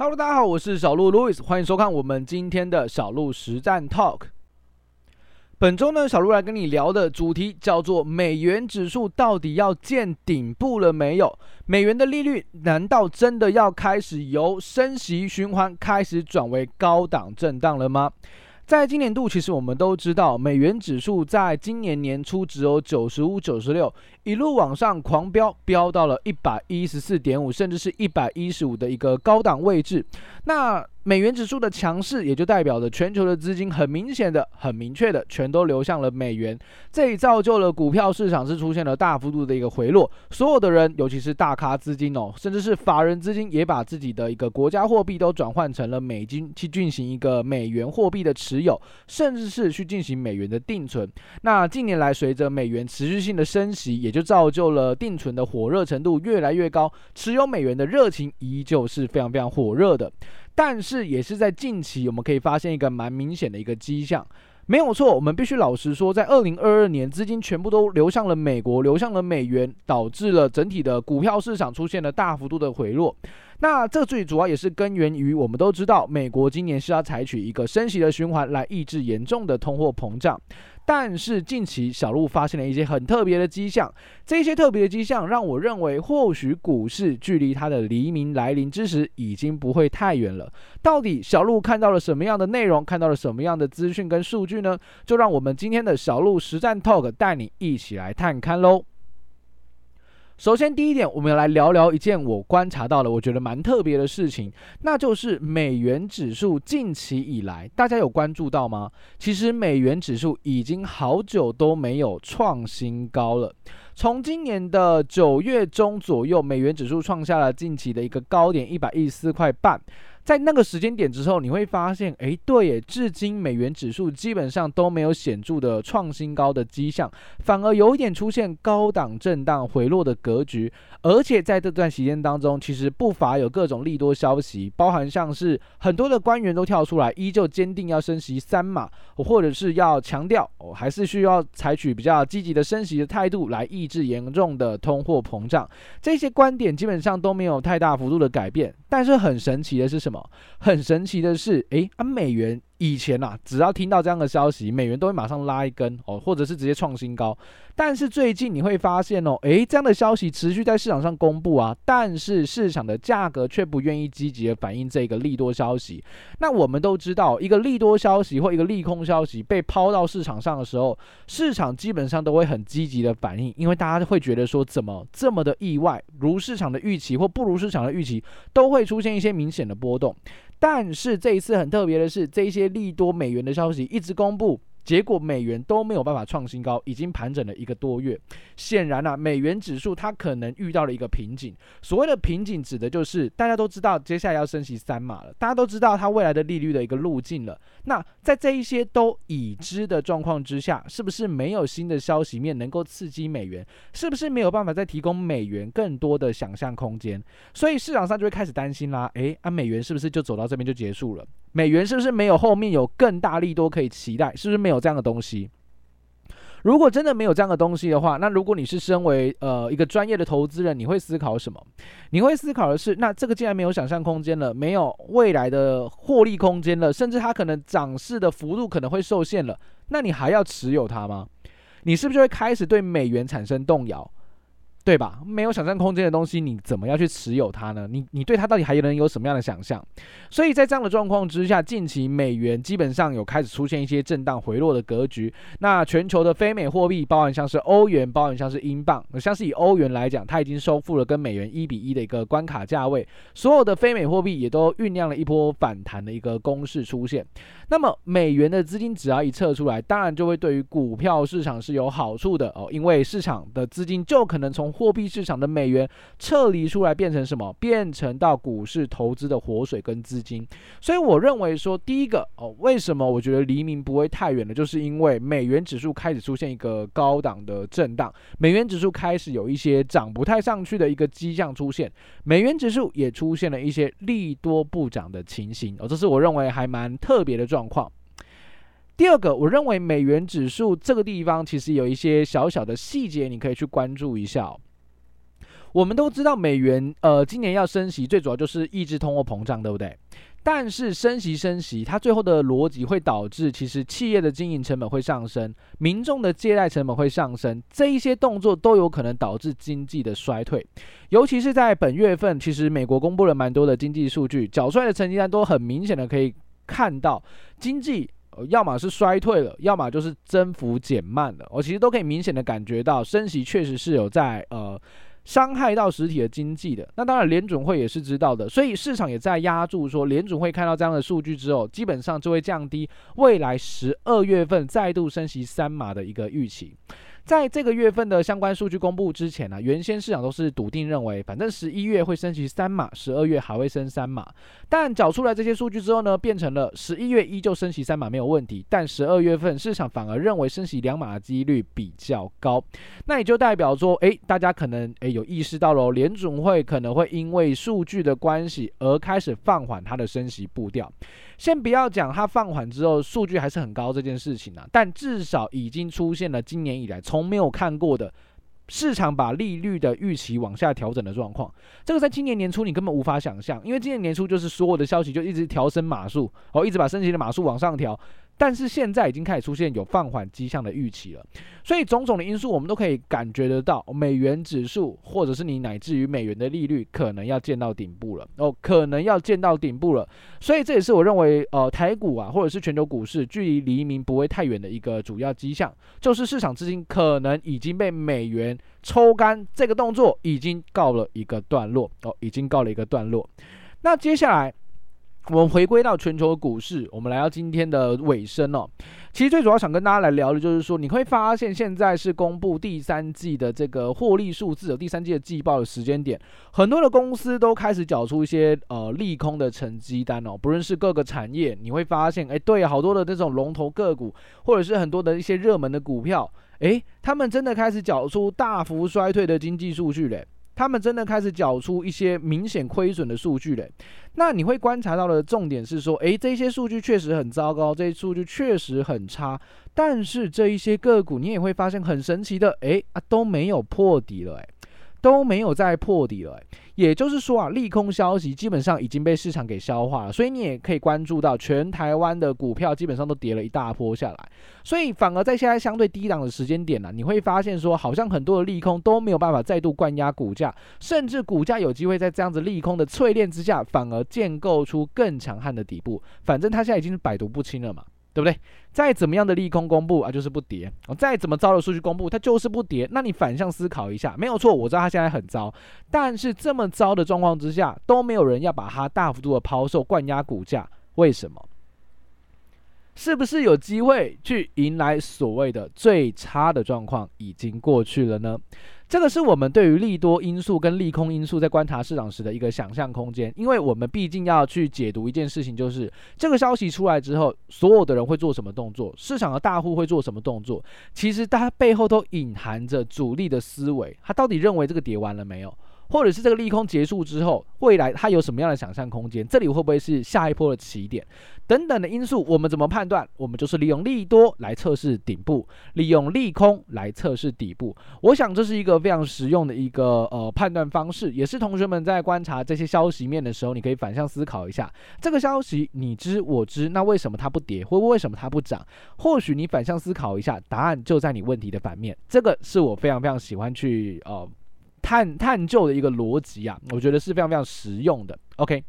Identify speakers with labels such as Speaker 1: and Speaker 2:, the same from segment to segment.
Speaker 1: Hello，大家好，我是小鹿 Louis，歡迎收看我們今天的小鹿實戰 Talk。本周呢，小鹿來跟你聊的主題叫做美元指數到底要見頂部了沒有？美元的利率難道真的要開始由升息循環開始轉為高檔震盪了嗎？在今年度，其實我們都知道，美元指數在今年年初只有九十五、九十六。一路往上狂飆，飆到了一百一十四點五，甚至是一百一十五的一個高檔位置。那美元指數的強勢，也就代表着全球的資金很明顯的、很明確的，全都流向了美元。這也造就了股票市場是出現了大幅度的一個回落。所有的人，尤其是大咖資金哦，甚至是法人資金，也把自己的一個國家貨幣都轉換成了美金，去進行一個美元貨幣的持有，甚至是去進行美元的定存。那近年來，隨着美元持續性的升息，也就就造就了定存的火熱程度越來越高，持有美元的熱情依舊是非常非常火熱的。但是，也是在近期，我們可以發現一個蠻明顯的一個跡象。沒有錯，我們必須老實說，在二零二二年，資金全部都流向了美國，流向了美元，導致了整體的股票市場出現了大幅度的回落。那這最主要也是根源於我們都知道，美國今年是要採取一個升息的循環來抑制嚴重的通貨膨脹。但是近期小鹿發現了一些很特別的跡象，這些特別的跡象讓我認為，或許股市距離它的黎明來臨之時已經不會太遠了。到底小鹿看到了什麼樣的內容，看到了什麼樣的資訊跟數據呢？就讓我們今天的小鹿實戰 talk 帶你一起來探看嘍。首先，第一點，我們來聊聊一件我觀察到的，我覺得蠻特別的事情，那就是美元指數近期以來，大家有關注到嗎？其實，美元指數已經好久都沒有創新高了。從今年的九月中左右，美元指數創下了近期的一個高點，一百一十四塊半。在那個時間點之後，你會發現，哎，對耶，至今美元指數基本上都沒有顯著的創新高的跡象，反而有一點出現高檔震盪回落的格局。而且在這段時間當中，其實不乏有各種利多消息，包含像是很多的官員都跳出來，依舊堅定要升息三碼，或者是要強調，哦，還是需要採取比較積極的升息的態度來抑制嚴重的通貨膨脹。這些觀點基本上都沒有太大幅度的改變。但是很神奇的是什麼？很神奇的是，哎，按、啊、美元。以前吶、啊，只要聽到這樣的消息，美元都會馬上拉一根哦，或者是直接創新高。但是最近你會發現哦，誒，這樣的消息持續在市場上公布啊，但是市場的價格卻不願意積極的反映這個利多消息。那我們都知道，一個利多消息或一個利空消息被拋到市場上的時候，市場基本上都會很積極的反應，因為大家會覺得說怎麼這麼的意外，如市場的預期或不如市場的預期，都會出現一些明顯的波動。但是這一次很特別的是，這一些利多美元的消息一直公布。結果美元都沒有辦法創新高，已經盤整了一個多月。顯然啊，美元指數它可能遇到了一個瓶頸。所謂的瓶頸，指的就是大家都知道，接下來要升息三碼了，大家都知道它未來的利率的一個路徑了。那在這一些都已知的狀況之下，是不是沒有新的消息面能夠刺激美元？是不是沒有辦法再提供美元更多的想象空間？所以市場上就會開始擔心啦。誒、哎、那、啊、美元是不是就走到這邊就結束了？美元是不是沒有後面有更大利多可以期待？是不是沒有？這樣的東西，如果真的沒有這樣的東西的話，那如果你是身為呃一個專業的投資人，你會思考什麼？你會思考的是，那這個既然沒有想象空間了，沒有未來的獲利空間了，甚至它可能漲勢的幅度可能會受限了，那你還要持有它嗎？你是不是就會開始對美元產生動搖？對吧？沒有想象空間的東西，你怎麼樣去持有它呢？你你對它到底還能有什麼樣的想象？所以在這樣的狀況之下，近期美元基本上有開始出現一些震盪回落的格局。那全球的非美貨幣，包含像是歐元，包含像是英鎊，像是以歐元來講，它已經收復了跟美元一比一的一個關卡價位。所有的非美貨幣也都醞釀了一波反彈的一個攻勢出現。那麼美元的資金只要一撤出來，當然就會對於股票市場是有好處的哦，因為市場的資金就可能從貨幣市場的美元撤離，出來，變成什麼？變成到股市投資的活水跟資金。所以我認為說，第一個哦，為什麼我覺得黎明不會太遠呢？就是因為美元指數開始出現一個高檔的震盪，美元指數開始有一些漲不太上去的一個跡象出現，美元指數也出現了一些利多不漲的情形哦，這是我認為還蠻特別的狀況。第二個，我認為美元指數這個地方其實有一些小小的細節，你可以去關注一下哦。我們都知道美元，呃，今年要升息，最主要就是抑制通貨膨脹，對不對？但是升息升息，它最後的邏輯會導致其實企業的經營成本會上升，民眾的借貸成本會上升，這一些動作都有可能導致經濟的衰退。尤其是在本月份，其實美國公布了蠻多的經濟數據，繳出來的成績單都很明顯的可以看到，經濟、呃、要麼是衰退了，要麼就是增幅減慢了。我、哦、其實都可以明顯的感覺到，升息確實是有在呃。傷害到實體的經濟的，那當然聯準會也是知道的，所以市場也在押注，說，聯準會看到這樣的數據之後，基本上就會降低未來十二月份再度升息三碼的一個預期。在這個月份的相關數據公布之前呢、啊，原先市場都是篤定認為，反正十一月會升息三碼，十二月還會升三碼。但找出來這些數據之後呢，變成了十一月依舊升息三碼沒有問題，但十二月份市場反而認為升息兩碼的幾率比較高。那也就代表說，欸、大家可能、欸、有意識到了，聯準會可能會因為數據的關係而開始放緩它的升息步調。先不要講它放緩之後數據還是很高這件事情啊，但至少已經出現了今年以來從沒有看過的市場，把利率的預期往下調整的狀況，這個在今年年初你根本無法想象因為今年年初就是所有的消息就一直調升碼數，好、哦，一直把升息的碼數往上調。但是現在已經開始出現有放緩跡象的預期了，所以種種的因素我們都可以感覺得到，美元指數或者是你乃至於美元的利率可能要見到頂部了哦，可能要見到頂部了。所以這也是我認為呃台股啊或者是全球股市距離黎明不會太遠的一個主要跡象，就是市場資金可能已經被美元抽乾，這個動作已經告了一個段落哦，已經告了一個段落。那接下來。我們回歸到全球股市，我們來到今天的尾聲哦。其實最主要想跟大家來聊的就是說，你會發現現在是公布第三季的這個獲利數字，有第三季的季報的時間點，很多的公司都開始繳出一些呃利空的成績單哦。不論是各個產業，你會發現，誒，對，好多的這種龍頭個股，或者是很多的一些熱門的股票，誒，他們真的開始繳出大幅衰退的經濟數據嘞。他們真的開始繳出一些明顯虧損的數據嘞，那你會觀察到的重點是說，誒、欸，這些數據確實很糟糕，這些數據確實很差，但是這一些個股你也會發現很神奇的，誒、欸，啊都沒有破底了，誒都沒有再破底了，欸，也就是說啊，利空消息基本上已經被市場給消化了，所以你也可以關注到，全台灣的股票基本上都跌了一大波下來，所以反而在現在相對低檔的時間點呢，啊，你會發現說，好像很多的利空都沒有辦法再度灌壓股價，甚至股價有機會在這樣子利空的淬煉之下，反而建構出更強悍的底部，反正它現在已經是百毒不侵了嘛。對不對？再怎麼樣的利空公布啊，就是不跌；再怎麼糟的數據公布，它就是不跌。那你反向思考一下，沒有錯。我知道它現在很糟，但是這麼糟的狀況之下，都沒有人要把它大幅度的拋售、灌壓股價，為什麼？是不是有機會去迎來所謂的最差的狀況已經過去了呢？這個是我們對於利多因素跟利空因素在觀察市場時的一個想象空間，因為我們畢竟要去解讀一件事情，就是這個消息出來之後，所有的人會做什麼動作，市場的大戶會做什麼動作，其實它背後都隱含着主力的思維，他到底認為這個跌完了沒有？或者是這個利空結束之後，未來它有什麼樣的想象空間？這裡會不會是下一波的起點？等等的因素，我們怎麼判斷？我們就是利用利多來測試頂部，利用利空來測試底部。我想這是一個非常實用的一個呃判斷方式，也是同學們在觀察這些消息面的時候，你可以反向思考一下：這個消息你知我知，那為什麼它不跌？會不會為什麼它不漲？或許你反向思考一下，答案就在你問題的反面。這個是我非常非常喜歡去呃。探探究的一個邏輯啊，我覺得是非常非常實用的。OK，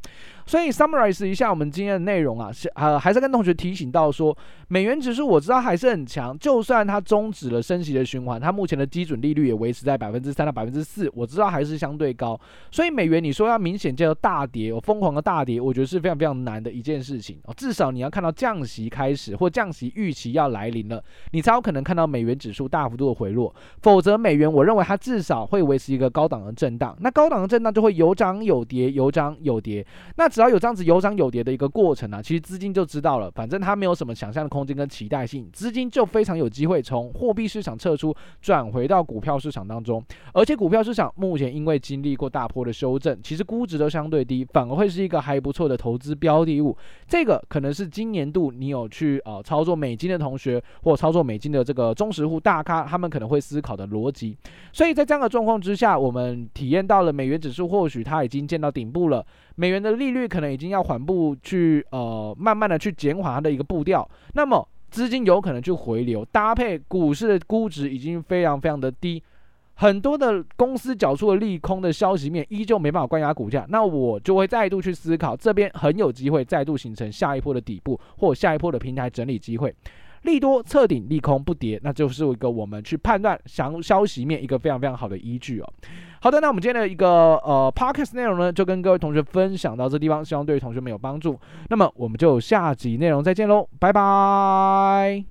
Speaker 1: 所以 summarize 一下我們今天的內容啊，是呃還是跟同學提醒到說，美元指數我知道還是很強，就算它終止了升息的循環，它目前的基準利率也維持在百分之三到百分之四，我知道還是相對高，所以美元你說要明顯見到大跌，有、哦、瘋狂的大跌，我覺得是非常非常難的一件事情、哦、至少你要看到降息開始或降息預期要來臨了，你才有可能看到美元指數大幅度的回落，否則美元我認為它至少會維持一個高檔的震盪，那高檔的震盪就會有漲有跌，有漲有跌。跌，那只要有這樣子有漲有跌的一個過程呢、啊，其實資金就知道了，反正它沒有什麼想象的空間跟期待性，資金就非常有機會從貨幣市場撤出，轉回到股票市場當中。而且股票市場目前因為經歷過大波的修正，其實估值都相對低，反而會是一個還不錯的投資標的物。這個可能是今年度你有去呃操作美金的同學，或操作美金的這個中實戶大咖，他們可能會思考的邏輯。所以在這樣的狀況之下，我們體驗到了美元指數或許它已經見到頂部了。美元的利率可能已經要緩步去，呃，慢慢的去減緩它的一個步調，那麼資金有可能去回流，搭配股市的估值已經非常非常的低，很多的公司繳出了利空的消息面，依舊沒辦法摜壓股價，那我就會再度去思考，這邊很有機會再度形成下一波的底部或下一波的平台整理機會。利多、側頂、利空不跌，那就是一個我們去判斷強消息面一個非常非常好的依據哦。好的，那我們今天的一個呃 Podcast 內容呢，就跟各位同學分享到這地方，希望對同學們有幫助。那麼我們就下集內容再見嘍，拜拜。